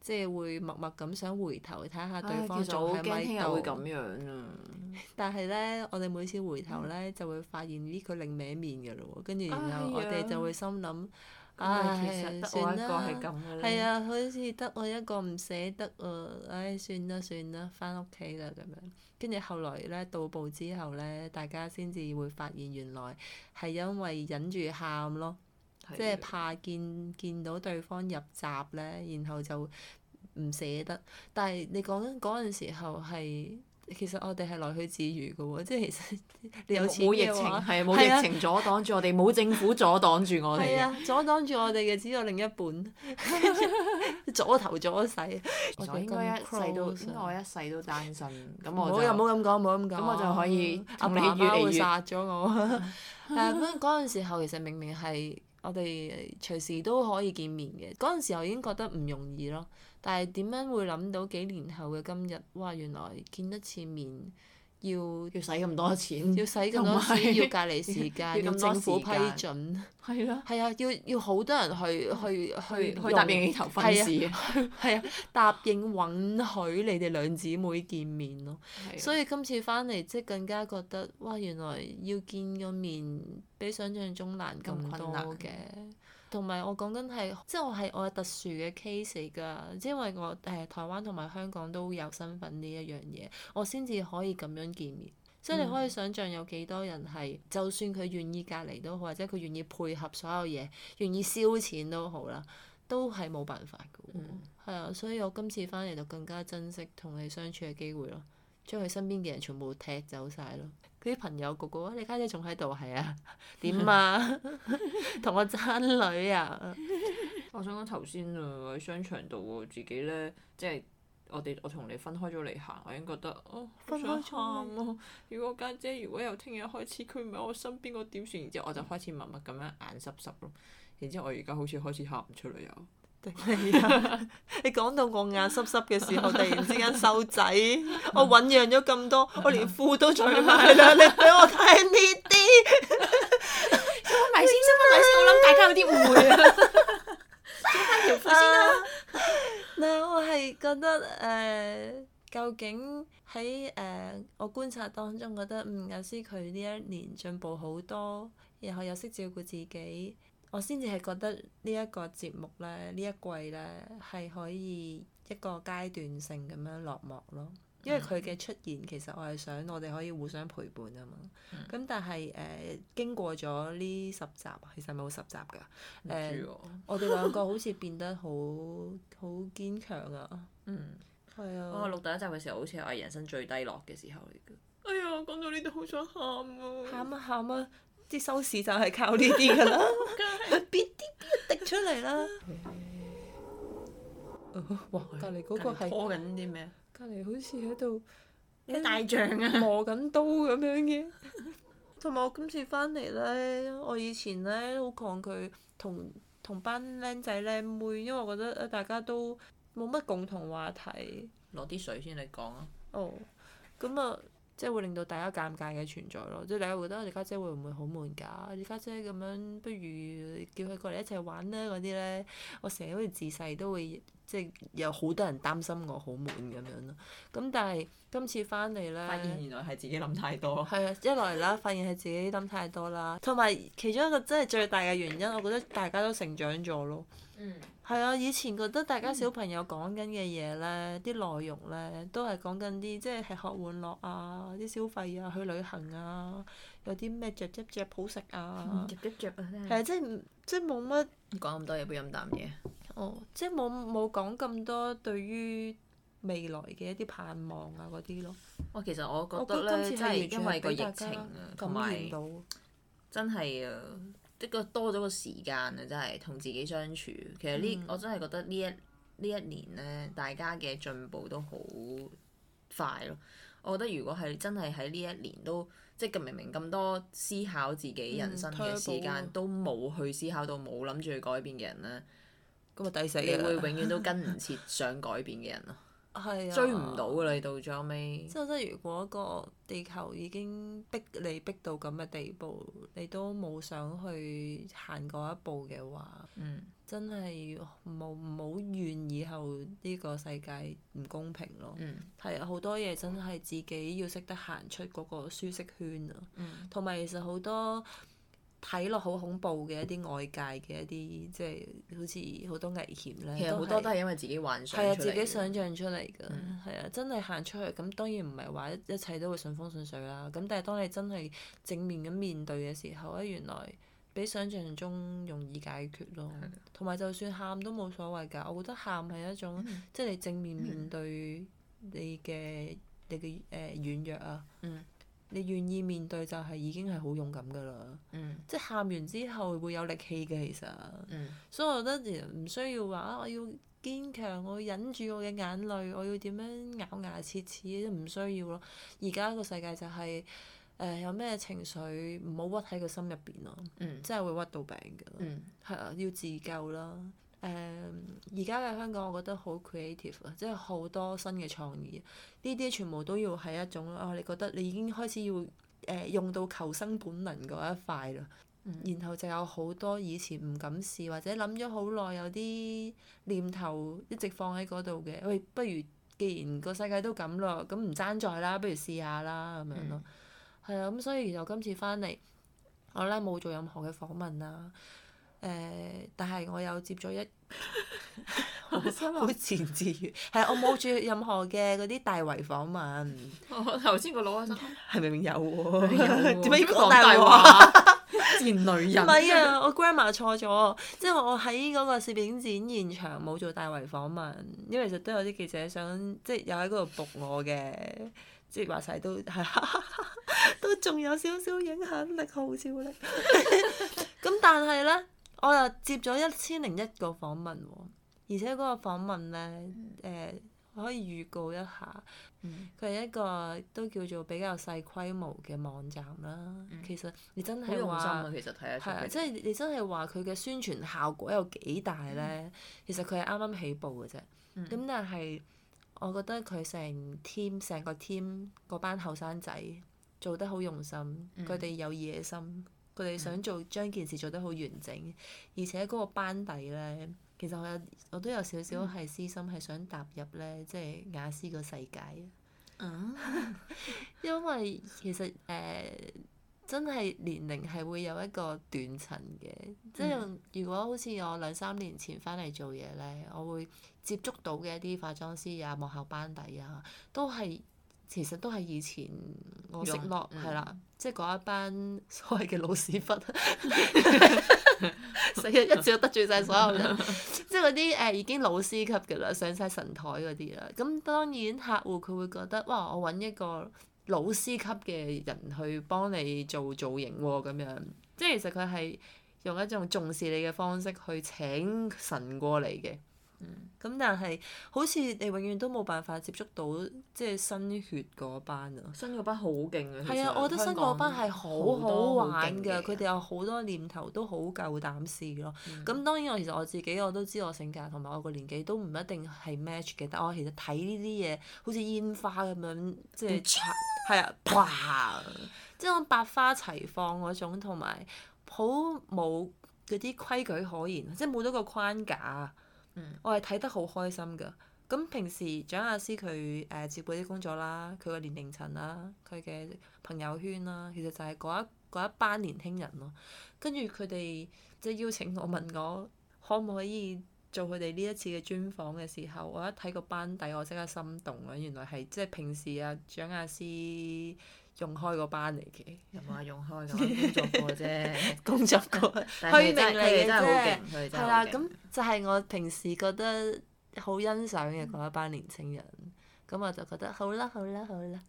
即係會默默咁想回頭睇下對方仲喺咪度咁樣啊。嗯、但係咧，我哋每次回頭咧，嗯、就會發現呢個另一面嘅嘞喎，跟住然後我哋就會心諗。哎咁、哎、算啦了，其實得我一個係咁嘅啊，好似得我一個唔捨得啊，唉、哎，算啦算啦，翻屋企啦咁樣，跟住後，後來咧，到步之後咧，大家先至會發現原來係因為忍住喊咯，的即係怕見見到對方入閘咧，然後就唔捨得。但係你講緊嗰陣時候係。其實我哋係來去自如嘅喎，即係其實你有錢嘅話，係啊，冇疫情阻擋住我哋，冇 [laughs] 政府阻擋住我哋嘅， [laughs] 係啊，阻擋住我哋嘅只有另一半，阻 [laughs] [laughs] 頭阻勢。我應該一世都 [laughs] 應該我一世都單身。唔好又唔好咁講，唔好咁講。咁 [laughs] 我就可以阿媽會殺咗我。係啊，嗰嗰時候其實明明係我哋隨時都可以見面嘅，嗰陣時候已經覺得唔容易咯。但係點樣會諗到幾年後嘅今日？哇！原來見一次面要要使咁多錢，要使咁多錢，要隔離時間，要政府批准，係啊，要要好多人去去去去答應呢頭婚事。係啊，答應允許你哋兩姊妹見面咯。所以今次翻嚟即更加覺得，哇！原來要見個面比想象中難咁多嘅。同埋我講緊係，即係我係我係特殊嘅 case 㗎，即係因為我誒台灣同埋香港都有身份呢一樣嘢，我先至可以咁樣見面。即係你可以想象有幾多人係，嗯、就算佢願意隔離都好，或者佢願意配合所有嘢，願意燒錢都好啦，都係冇辦法㗎喎。嗯，係啊，所以我今次翻嚟就更加珍惜同你相處嘅機會咯。將佢身邊嘅人全部踢走晒咯！佢啲朋友個個啊，你家姐仲喺度係啊？點啊？同我爭女啊！我想講頭先喎喺商場度，自己咧即係我哋我同你分開咗嚟行，我已經覺得哦，啊、分開慘啊！如果家姐，姐如果由聽日開始佢唔喺我身邊，我點算？然之後我就開始默默咁樣眼濕濕咯。然之後我而家好似開始喊唔出嚟咯。係啊！ [laughs] 你講到我眼濕濕嘅時候，突然之間收仔， [laughs] 我醞釀咗咁多，我連褲都著埋啦！ [laughs] 你俾我睇呢啲，我咪先，我諗大家有啲誤會啊！著 [laughs] 翻條褲先啦。嗱，uh, 我係覺得誒，uh, 究竟喺誒、uh, 我觀察當中覺得，嗯，有時佢呢一年進步好多，然後又識照顧自己。我先至係覺得呢一個節目咧，呢一季咧係可以一個階段性咁樣落幕咯。因為佢嘅出現，其實我係想我哋可以互相陪伴啊嘛。咁、嗯、但係誒、呃，經過咗呢十集，其實係咪好十集㗎？唔，我哋兩個好似變得好好 [laughs] 堅強啊！嗯，係啊。我錄、哦、第一集嘅時候，好似我人生最低落嘅時候嚟嘅。哎呀，講到呢度好想喊啊！喊啊喊啊！啲收視就係靠呢啲㗎啦，邊啲邊個滴出嚟啦？隔離嗰個係拖緊啲咩啊？隔離好似喺度啲大象啊，磨緊刀咁樣嘅。同 [laughs] 埋我今次翻嚟咧，我以前咧好抗拒同同班僆仔僆妹，因為我覺得大家都冇乜共同話題。攞啲水先嚟講啊！哦，咁啊～即係會令到大家尷尬嘅存在咯，即係大家會覺得我哋家姐會唔會好悶㗎？你家姐咁樣，不如叫佢過嚟一齊玩咧嗰啲咧。我成日好似自細都會即係有好多人擔心我好悶咁樣咯。咁但係今次翻嚟咧，發現原來係自己諗太多。係啊，一落嚟啦，發現係自己諗太多啦。同埋其中一個真係最大嘅原因，我覺得大家都成長咗咯。嗯。係啊，以前覺得大家小朋友講緊嘅嘢咧，啲、嗯、內容咧都係講緊啲即係吃喝玩樂啊，啲消費啊，去旅行啊，有啲咩嚼一嚼好食啊，嚼一嚼啊，係啊，即係即係冇乜講咁多嘢，不如飲啖嘢。哦，即係冇冇講咁多對於未來嘅一啲盼望啊嗰啲咯。我其實我覺得咧，今次真係因為，因為個疫情啊，同埋真係啊。即個多咗個時間啊，真係同自己相處。其實呢，嗯、我真係覺得呢一呢一年咧，大家嘅進步都好快咯。我覺得如果係真係喺呢一年都即咁明明咁多思考自己人生嘅時間，嗯、都冇去思考到冇諗住去改變嘅人咧，咁啊抵死！你會永遠都跟唔切想改變嘅人咯。 [laughs] 係啊，追唔到㗎啦！你到最後尾，即係即係，如果個地球已經逼你逼到咁嘅地步，你都冇想去行過一步嘅話，嗯、真係冇冇怨，以後呢個世界唔公平咯。嗯，係啊，好多嘢真係自己要識得行出嗰個舒適圈啊。同埋、嗯、其實好多。睇落好恐怖嘅一啲外界嘅一啲，即係好似好多危險咧。其實好多都係因為自己幻想。係啊，自己想象出嚟㗎。係啊、嗯，真係行出去咁，當然唔係話一一切都會順風順水啦。咁但係當你真係正面咁面對嘅時候啊，原來比想象中容易解決咯。同埋、嗯、就算喊都冇所謂㗎，我覺得喊係一種即係、嗯、你正面面對你嘅、嗯、你嘅誒軟弱啊。嗯。你願意面對就係已經係好勇敢噶啦，嗯、即係喊完之後會有力氣嘅其實，嗯、所以我覺得唔需要話啊，我要堅強，我要忍住我嘅眼淚，我要點樣咬牙切齒都唔需要咯。而家個世界就係、是、誒、呃、有咩情緒唔好屈喺個心入邊咯，即係、嗯、會屈到病嘅，係啊、嗯，要自救啦。誒而家嘅香港，我覺得好 creative 啊，即係好多新嘅創意，呢啲全部都要係一種啊！你覺得你已經開始要誒、呃、用到求生本能嗰一塊啦，嗯、然後就有好多以前唔敢試或者諗咗好耐有啲念頭一直放喺嗰度嘅，喂，不如既然個世界都咁咯，咁唔爭在啦，不如試下啦咁、嗯、樣咯，係啊，咁所以其實今次翻嚟我咧冇做任何嘅訪問啦。誒，但係我，接 [laughs] 我有接咗一好自然自然，係我冇做任何嘅嗰啲大圍訪問。頭先個老阿叔係明明有喎、啊，點解要講大話？ [laughs] 戰女人。唔係 [laughs] 啊，我 grandma 錯咗，即、就、係、是、我喺嗰個攝影展現場冇做大圍訪問，因為其實都有啲記者想即係又喺嗰度僕我嘅，即係話晒都係 [laughs] 都仲有少少，少影響力、號召力。咁 [laughs] [laughs] 但係咧？我又接咗一千零一個訪問喎，而且嗰個訪問咧，誒、嗯呃、可以預告一下，佢係、嗯、一個都叫做比較細規模嘅網站啦。嗯、其實你真係話，用心啊，即係、啊就是、你真係話佢嘅宣傳效果有幾大咧？嗯、其實佢係啱啱起步嘅啫。咁、嗯嗯、但係我覺得佢成 team 成個 team 嗰班後生仔做得好用心，佢哋、嗯、有野心。佢哋想做將件事做得好完整，而且嗰個班底咧，其實我有我都有少少係私心，係想踏入咧，即係雅思個世界啊。 [laughs] 因為其實誒、呃，真係年齡係會有一個斷層嘅，嗯、即係如果好似我兩三年前翻嚟做嘢咧，我會接觸到嘅一啲化妝師啊、幕後班底啊，都係。其實都係以前我識落係啦，即係嗰一班所謂嘅老屎忽，成日一招得罪晒所有人，即係嗰啲誒已經老師級嘅啦，上晒神台嗰啲啦。咁當然客戶佢會覺得哇，我揾一個老師級嘅人去幫你做造型喎、哦，咁樣即係其實佢係用一種重視你嘅方式去請神過嚟嘅。咁、嗯、但係好似你永遠都冇辦法接觸到即係新血嗰班啊！新血嗰班好勁啊！係啊，我覺得新血嗰班係好好玩㗎，佢哋有好多念頭都好夠膽試咯。咁、嗯、當然我其實我自己我都知我性格同埋我個年紀都唔一定係 match 嘅，但我其實睇呢啲嘢好似煙花咁樣，即係係 [laughs] 啊，嘩，即係我百花齊放嗰種，同埋好冇嗰啲規矩可言，即係冇咗個框架。嗯、我係睇得好開心㗎，咁平時張亞詩佢誒接嗰啲工作啦，佢個年齡層啦，佢嘅朋友圈啦，其實就係嗰一嗰一班年輕人咯、啊。跟住佢哋即邀請我問我可唔可以做佢哋呢一次嘅專訪嘅時候，我一睇個班底，我即刻心動啊！原來係即係平時啊張亞詩。用開個班嚟嘅，又唔係用開咁工作啫，工作過。虛名嚟嘅真係好勁，佢真係。係啦， [laughs] 咁了 [laughs] 就係我平時覺得好欣賞嘅嗰一班年青人，咁、嗯、我就覺得好啦，好啦，好啦。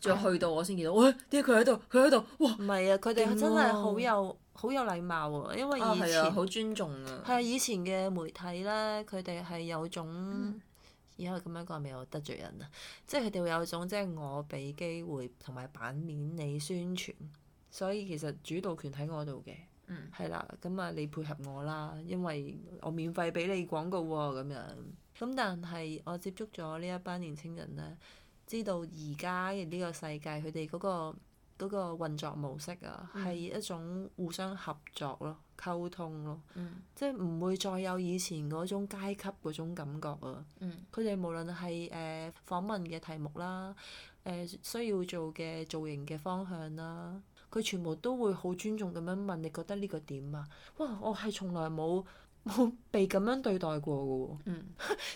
仲有去到我先見到，喂、哎，點解佢喺度？佢喺度，哇！唔係啊，佢哋他們、啊、真係好有好有禮貌喎、啊，因為以前好、啊啊、尊重啊。係啊，以前嘅媒體咧，佢哋係有種、嗯。而家我咁樣講係咪有得罪人啊？即係佢哋會有一種即係、就是、我俾機會同埋版面你宣傳，所以其實主導權喺我度嘅。嗯，係啦，咁啊你配合我啦，因為我免費俾你廣告喎、啊、咁樣。咁但係我接觸咗呢一班年輕人咧，知道而家嘅呢個世界，佢哋嗰個。嗰個運作模式啊，係、嗯、一種互相合作咯、溝通咯，嗯、即係唔會再有以前嗰種階級嗰種感覺啊。佢哋、嗯、無論係誒、呃、訪問嘅題目啦、誒、呃、需要做嘅造型嘅方向啦，佢全部都會好尊重咁樣問你覺得呢個點啊？哇！我係從來冇。冇被咁樣對待過嘅喎，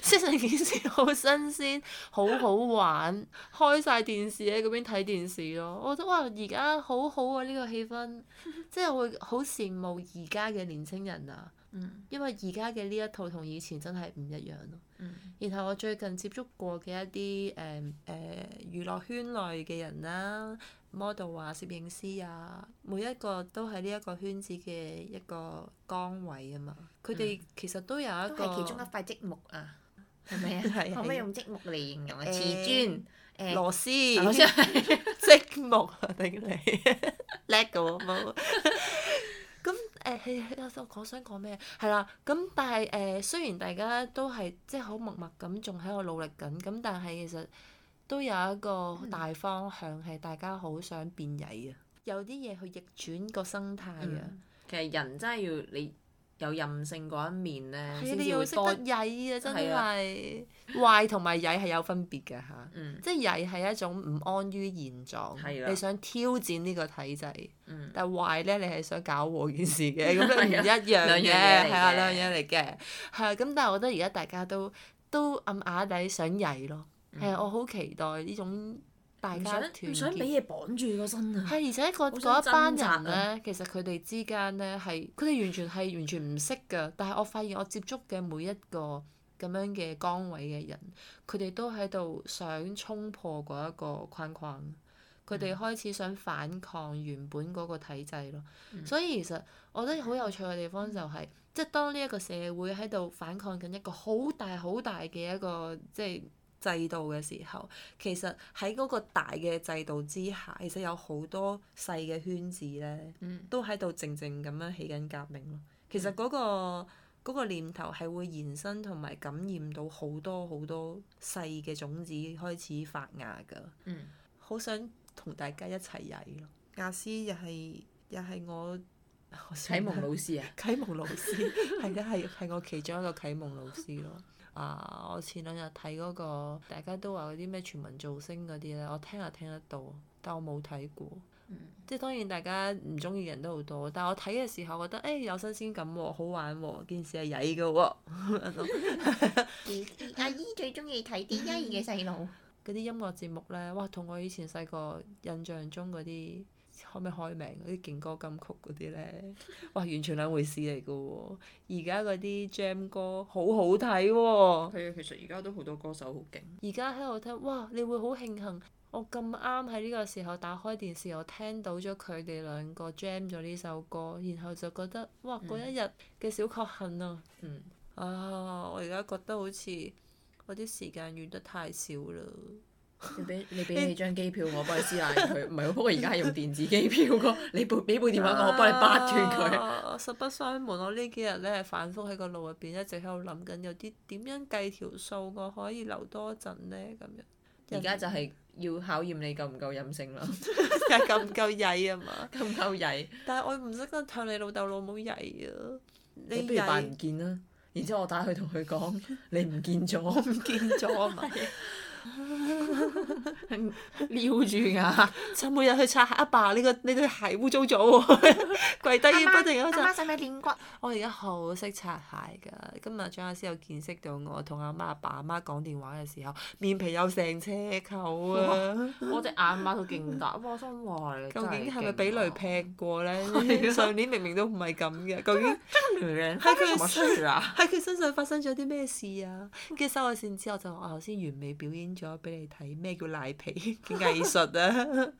即係、嗯、 [laughs] 成件事好新鮮，好好玩， [laughs] 開晒電視喺嗰邊睇電視咯。我都話而家好好啊，呢、呢個氣氛， [laughs] 即係會好羨慕而家嘅年輕人啊，嗯、因為而家嘅呢一套同以前真係唔一樣咯、啊。嗯、然後我最近接觸過嘅一啲誒誒娛樂圈內嘅人啦、啊。model 啊，攝影師啊，每一個都係呢一個圈子嘅一個崗位啊嘛。佢哋其實都有一個，其中一塊積木啊。係咪啊？可唔可以用積木嚟形容啊？瓷磚、螺絲，積木啊！頂你叻嘅喎，咁誒，我講想講咩？係啦，咁但係誒，雖然大家都係即係好默默咁，仲喺度努力緊，咁但係其實。都有一個大方向係大家好想變曳啊！有啲嘢去逆轉個生態啊！其實人真係要你有任性嗰一面咧，你要識得曳啊！真係壞同埋曳係有分別嘅嚇，即係曳係一種唔安於現狀，你想挑戰呢個體制。但係壞咧，你係想搞和件事嘅，咁樣唔一樣嘅，係啊，兩樣嘢嚟嘅。係啊，咁但係我覺得而家大家都都暗啞底想曳咯。係啊！我好期待呢種大家團結。唔想唔想俾嘢綁住個身啊！係，而且嗰嗰一班人咧，其實佢哋之間咧係，佢哋完全係完全唔識嘅。但係我發現我接觸嘅每一個咁樣嘅崗位嘅人，佢哋都喺度想衝破嗰一個框框。佢哋、嗯、開始想反抗原本嗰個體制咯。嗯、所以其實我覺得好有趣嘅地方就係、是，嗯、即係當呢一個社會喺度反抗緊一個好大好大嘅一個即係制度嘅時候，其實喺嗰個大嘅制度之下，其實有好多細嘅圈子咧，嗯、都喺度靜靜咁樣起緊革命咯。其實嗰、嗰個嗰、嗯、個念頭係會延伸同埋感染到好多好多細嘅種子開始發芽噶。好、嗯、想同大家一齊曳咯。雅思又係又係我啟蒙老師啊， [laughs] 啟蒙老師係啊係係我其中一個啟蒙老師咯。 [laughs] 啊！Uh, 我前兩日睇嗰個，大家都話嗰啲咩全民造星嗰啲咧，我聽又聽得到，但我冇睇過。Mm. 即係當然大家唔中意嘅人都好多，但我睇嘅時候覺得誒、哎、有新鮮感喎、哦，好玩喎、哦，件事係曳嘅喎。阿姨最中意睇點解嘅細路。嗰啲 [laughs] 音樂節目咧，哇！同我以前細個印象中嗰啲。可唔可以開名嗰啲勁歌金曲嗰啲咧，哇完全兩回事嚟噶喎！而家嗰啲 jam 歌好好睇喎。係啊、嗯，其實而家都好多歌手好勁。而家喺度聽，哇！你會好慶幸我咁啱喺呢個時候打開電視，我聽到咗佢哋兩個 jam 咗呢首歌，然後就覺得哇嗰一日嘅小確幸啊！嗯,嗯啊，我而家覺得好似我啲時間遇得太少嘞。」你俾你俾你張機票，我幫你撕爛佢。唔係，不過而家係用電子機票咯。你部俾部電話我，我幫你拔斷佢。實、啊、不相瞞，我呢幾日咧係反覆喺個腦入邊，一直喺度諗緊有啲點樣計條數，我可以留多陣咧咁樣。而家就係要考驗你夠唔夠任性啦， [laughs] 夠唔夠曳啊嘛？夠唔夠曳？但係我唔識得向你老豆老母曳啊！你，你不如扮唔見啊。然之後我打去同佢講， [laughs] 你唔見咗，我唔見咗啊嘛。撩住啊！就每日去擦鞋，阿爸呢個呢對鞋污糟咗喎，跪低不停喺度擦。阿我而家好識擦鞋㗎，Ivan, 今日張亞師有見識到我同阿媽、阿爸、阿媽講電話嘅時候，面皮有成尺厚啊！我隻眼擘到勁大，我心話你究竟係咪俾雷劈過咧？上年明明，明都唔係咁嘅，究竟真係雷靚？係佢咩事啊？喺佢身上發生咗啲咩事啊？跟住收咗線之後就我頭先完美表演。Mm hmm. 咗俾你睇咩叫賴皮嘅藝術啊！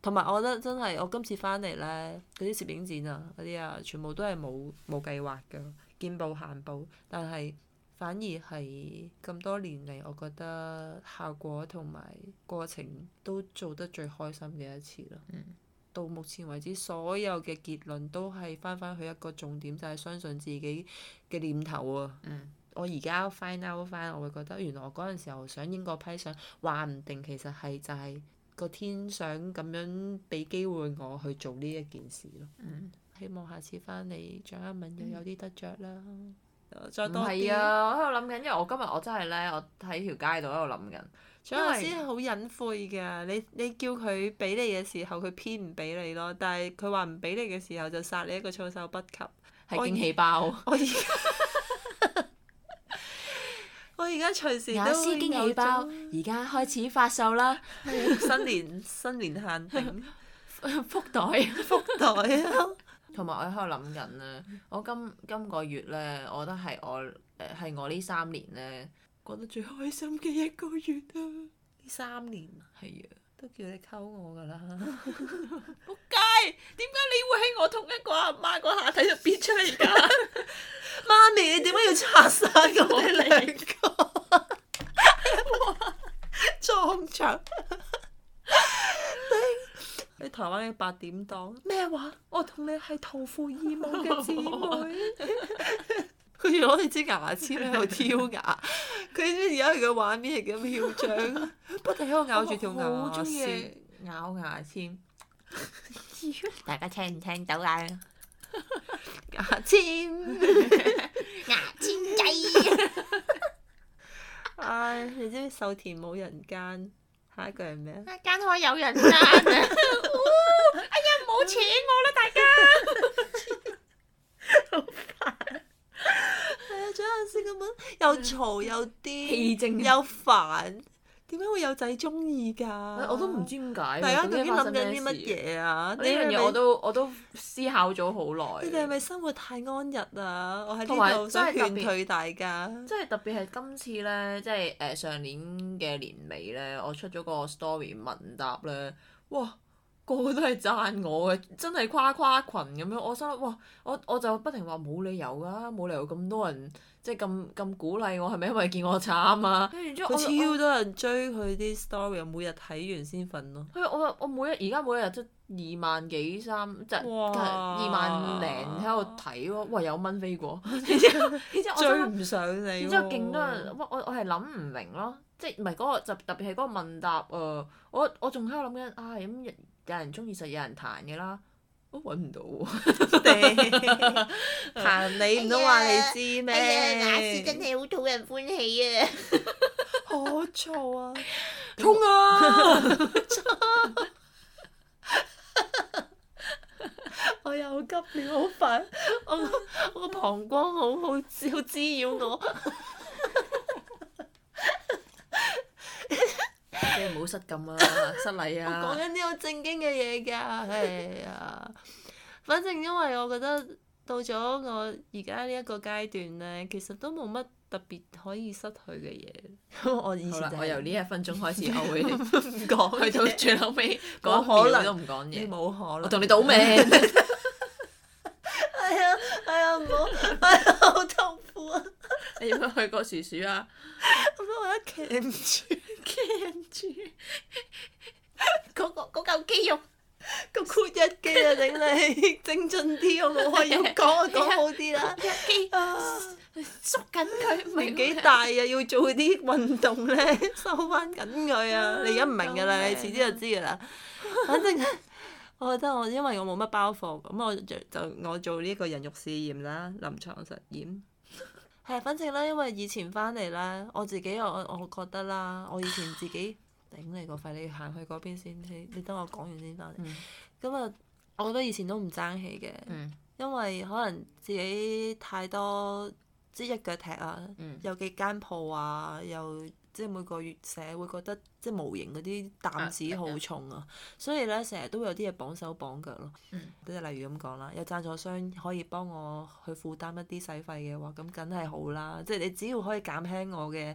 同埋 [laughs] 我覺得真係我今次翻嚟咧，嗰啲攝影展啊，嗰啲啊，全部都係冇冇計劃嘅，見步行步，但係反而係咁多年嚟，我覺得效果同埋過程都做得最開心嘅一次咯。嗯、到目前為止，所有嘅結論都係翻返去一個重點，就係、是、相信自己嘅念頭啊！嗯我而家 find out 翻，我會覺得原來我嗰陣時候想影嗰批相，話唔定其實係就係個天想咁樣俾機會我去做呢一件事咯。嗯，希望下次翻嚟張嘉敏又有啲得着啦，嗯，再多啲。唔係啊，喺度諗緊，因為我今日我真係咧，我喺條街度喺度諗緊。張老師好隱晦噶，你你叫佢俾你嘅時候，佢偏唔俾你咯。但係佢話唔俾你嘅時候，就殺你一個措手不及。係驚喜包。我而。我 [laughs] 而家隨時包而家開始發售啦！新年新年限定 [laughs] [laughs] 福袋，福袋啊！同埋我喺度諗緊咧，我今今個月咧，我覺得係我誒係我呢三年咧過得最開心嘅一個月啊！呢三年係啊！都叫你溝我噶啦！仆街，點解你會喺我同一個阿媽嗰下體度變出嚟噶？媽咪，你點解要拆散我哋兩個？撞 [laughs] 牆從長，你 [laughs] 喺台灣嘅八點檔咩話？我同你係同父異母嘅姊妹。佢 [laughs] 攞你支牙牙籤喺度挑牙，佢而家佢嘅畫面係咁囂張？不停喺度咬住條牙線，咬牙籤。大家聽唔聽到啊？牙籤，牙籤仔。唉，你知唔知秀田冇人間，下一句係咩？間開有人間啊！哎呀，冇錢我啦，大家。好煩。係啊，做下事咁樣又嘈又癲，又煩。點解會有仔中意㗎？我都唔知點解。大家究竟諗緊啲乜嘢啊？呢樣嘢我都我都思考咗好耐。你哋係咪生活太安逸啊？我喺呢度想勸退大家。即係特別係今次咧，即係誒、呃、上年嘅年尾咧，我出咗個 story 問答咧，哇！個個都係讚我嘅，真係誇誇群咁樣，我心諗哇，我我就不停話冇理由噶，冇理由咁多人即係咁咁鼓勵我，係咪因為見我慘啊？跟住之後超多人追佢啲 story，每日睇完先瞓咯。係我我每日而家每日都二萬幾三即係二萬零喺度睇咯。哇！有蚊飛過，然之後然之後追唔上你。然之後勁多人哇！我我係諗唔明咯，即係唔係嗰個就特別係嗰個問答啊。我我仲喺度諗緊啊咁。有人中意就有人彈嘅啦，都揾唔到喎。 [laughs] [laughs] 彈你唔通話你知咩？假使、哎哎、真係好討人歡喜啊！ [laughs] 好嘈啊！衝啊！我有急尿，好煩。我我個膀胱好好好滋擾我。 [laughs] 即係唔好失禁啊，失禮啊！我講緊啲好正經嘅嘢㗎，係啊。反正因為我覺得到咗我而家呢一個階段咧，其實都冇乜特別可以失去嘅嘢、 [laughs] 就是。我意思係。好啦，我由呢一分鐘開始， [laughs] 我會唔講去到最後尾講幾句都唔講嘢，冇可能。 [laughs] 可能我同你賭命。係啊、 [laughs] [laughs] 哎，係、哎、啊，唔好。你有冇去過鼠鼠啊？我而家驚住，驚住嗰個嗰嚿肌肉， [laughs] [laughs] 一個 c 日 o 肌啊！整你精進啲，我冇可以講，我講好啲啦。一肌捉緊佢， [laughs] 年紀大啊，要做啲運動咧， [laughs] 收翻緊佢啊！ [laughs] 啊你而家唔明㗎啦，你遲啲就知㗎啦。反正、啊、我覺得我因為我冇乜包袱，咁我就就我做呢個人肉試驗啦，臨床實驗。係啊，反正咧，因為以前翻嚟咧，我自己我我覺得啦，我以前自己 [laughs] 頂你個肺，你要行去嗰邊先，你你等我講完先翻嚟。咁啊、嗯，我覺得以前都唔爭氣嘅，嗯、因為可能自己太多即一腳踢啊，嗯、有幾間鋪啊，又。即係每個月成日會覺得即係無形嗰啲擔子好重啊，啊所以咧成日都有啲嘢綁手綁腳咯。即係、嗯、例如咁講啦，有贊助商可以幫我去負擔一啲使費嘅話，咁梗係好啦。即係你只要可以減輕我嘅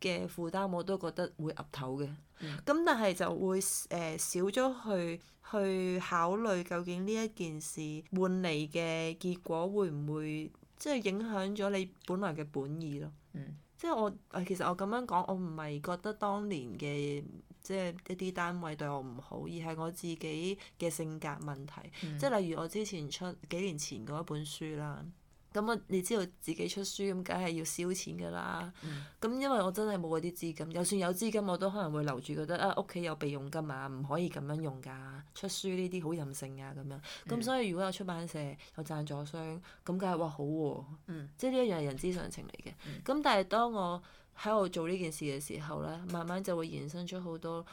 嘅負擔，我都覺得會岌頭嘅。咁、嗯、但係就會誒、呃、少咗去去考慮究竟呢一件事換嚟嘅結果會唔會即係影響咗你本來嘅本意咯？嗯即係我，其實我咁樣講，我唔係覺得當年嘅即係一啲單位對我唔好，而係我自己嘅性格問題。Mm. 即係例如我之前出幾年前嗰一本書啦。咁我，你知道自己出書咁，梗係要燒錢噶啦。咁、嗯、因為我真係冇嗰啲資金，就算有資金，我都可能會留住，覺得啊屋企有備用金啊，唔可以咁樣用噶。出書呢啲好任性啊，咁樣。咁所以如果有出版社有贊助商，咁梗係話好喎、啊。嗯、即係呢一樣係人之常情嚟嘅。咁、嗯、但係當我喺度做呢件事嘅時候咧，慢慢就會延伸出好多。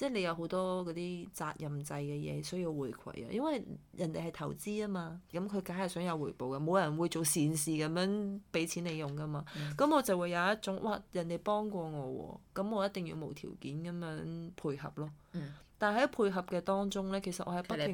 即係你有好多嗰啲責任制嘅嘢需要回饋啊，因為人哋係投資啊嘛，咁佢梗係想有回報嘅，冇人會做善事咁樣俾錢你用噶嘛。咁、嗯、我就會有一種哇，人哋幫過我喎、哦，咁我一定要無條件咁樣配合咯。嗯但喺配合嘅當中咧，其實我係不停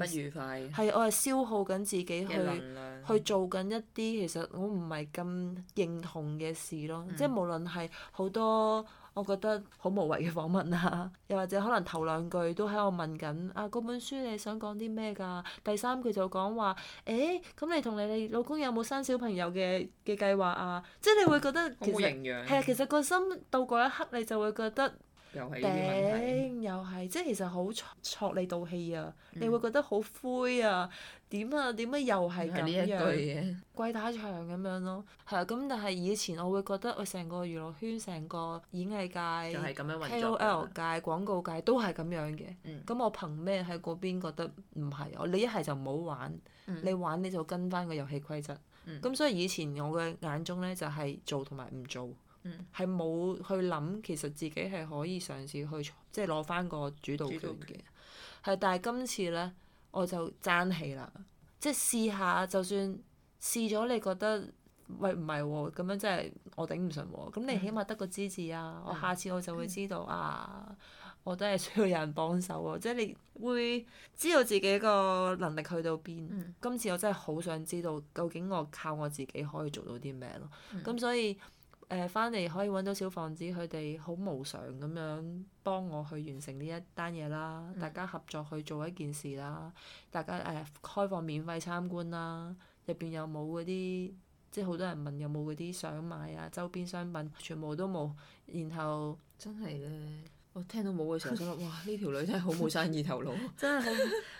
係我係消耗緊自己去去做緊一啲其實我唔係咁認同嘅事咯，嗯、即係無論係好多我覺得好無謂嘅訪問啊，又或者可能頭兩句都喺度問緊啊，嗰本書你想講啲咩㗎？第三句就講話，誒、欸、咁你同你，你老公有冇生小朋友嘅嘅計劃啊？即你會覺得其實係啊、嗯，其實個心到嗰一刻你就會覺得。又頂又係，即係其實好戳你道氣啊！嗯、你會覺得好灰啊？點啊？點解、啊、又係咁樣，鬼打牆咁樣咯。係啊，咁但係以前我會覺得，我成個娛樂圈、成個演藝界、K O L 界、廣告界都係咁樣嘅。咁、嗯、我憑咩喺嗰邊覺得唔係？我你一係就唔好玩，嗯、你玩你就跟翻個遊戲規則。咁、嗯、所以以前我嘅眼中咧就係、是、做同埋唔做，係冇去諗，其實自己係可以嘗試去即係攞翻個主導權嘅，係。但係今次咧，我就爭氣啦，即係試下，就算試咗，你覺得喂唔係喎，咁、哦、樣真係我頂唔順喎。咁你起碼得個知字啊，嗯、我下次我就會知道啊，啊，我都係需要有人幫手喎、啊。即係你會知道自己個能力去到邊。嗯、今次我真係好想知道，究竟我靠我自己可以做到啲咩咯？咁、嗯、所以。誒翻嚟可以揾到小房子，佢哋好無償咁樣幫我去完成呢一單嘢啦，嗯、大家合作去做一件事啦，大家誒開放免費參觀啦，入邊有冇嗰啲即係，好多人問有冇嗰啲想買啊，周邊商品，全部都冇，然後真係咧。我聽到冇嘅時候，我心諗：哇！呢條女真係好冇生意頭腦。 [laughs] 真係好，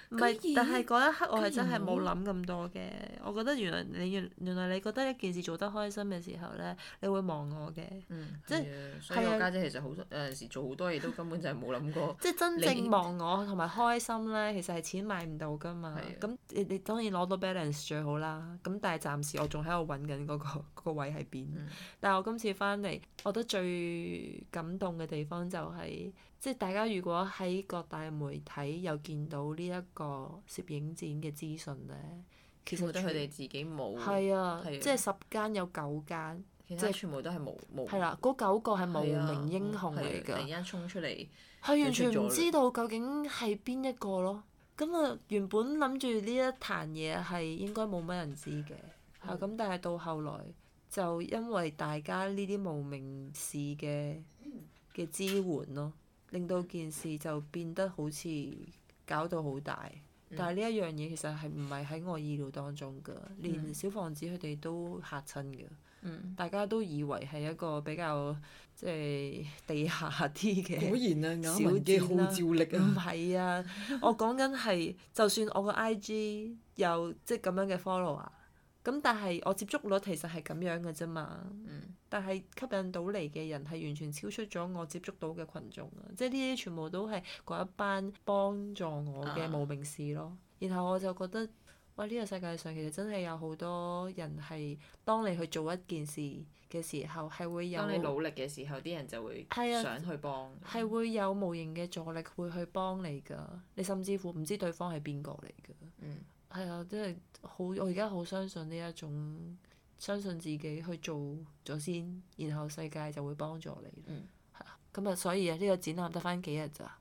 唔係，然但係嗰一刻我係真係冇諗咁多嘅。我覺得原來你原原來你覺得一件事做得開心嘅時候咧，你會忘我嘅。嗯，即係，所以我家姐其實好多的有陣時做好多嘢都根本就係冇諗過。即係真正忘我同埋開心咧，其實係錢買唔到噶嘛。咁的你你當然攞到 balance 最好啦。咁但係暫時我仲喺度揾緊嗰個嗰個位喺邊。嗯。但係我今次翻嚟，我覺得最感動嘅地方就係。即係大家如果喺各大媒體又見到呢一個攝影展嘅資訊咧，其實佢哋自己冇係啊，啊即係十間有九間，其他全部都係無無。係啦，嗰、啊、九個係無名英雄嚟、啊啊、突然間衝出嚟係完全唔知道究竟係邊一個咯。咁啊，原本諗住呢一壇嘢係應該冇乜人知嘅，係咁、啊啊，但係到後來就因為大家呢啲無名氏嘅。嘅支援咯，令到件事就變得好似搞到好大。嗯、但係呢一樣嘢其實係唔係喺我意料當中㗎，嗯、連小房子佢哋都嚇親㗎。嗯、大家都以為係一個比較即係、就是、地下啲嘅。果然啊，雅文基號召力啊！唔係 [laughs] 啊，我講緊係就算我個 I G 有即咁、就是、樣嘅 follower 啊。咁但係我接觸率其實係咁樣嘅啫嘛，嗯、但係吸引到嚟嘅人係完全超出咗我接觸到嘅群眾啊！即係呢啲全部都係嗰一班幫助我嘅無名氏咯。啊、然後我就覺得，哇！呢、呢個世界上其實真係有好多人係當你去做一件事嘅時候係會有當你努力嘅時候，啲人就會想去幫，係、啊、會有無形嘅助力會去幫你㗎。你甚至乎唔知對方係邊個嚟㗎。嗯係啊，真係好！我而家好相信呢一種，相信自己去做咗先，然後世界就會幫助你。嗯。係啊。咁啊，所以啊，呢個展覽得翻幾日咋？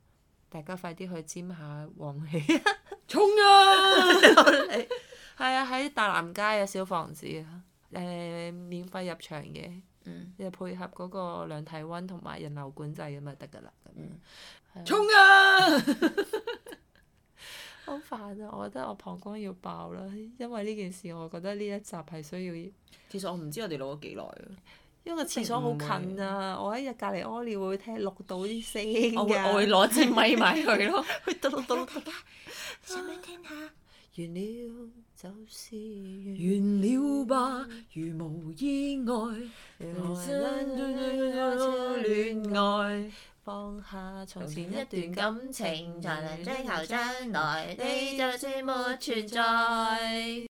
大家快啲去尖下旺氣。衝啊！係啊，喺大南街嘅小房子啊，誒，免費入場嘅，又配合嗰個量體温同埋人流管制咁就得噶啦。嗯。衝、 [noise] 嗯、啊！ [laughs] 好煩啊！我覺得我膀胱要爆啦，因為呢件事我覺得呢一集係需要。其實我唔知我哋錄咗幾耐啊，因為個廁所好近啊，我一日隔離屙尿會聽錄到啲聲㗎。我會我會攞支咪埋去咯， [laughs] 去嘟嘟大家聽下。啊、完了就是完了吧？如無意外，來這放下從前一段感情，才能追求將來。你就是沒存在。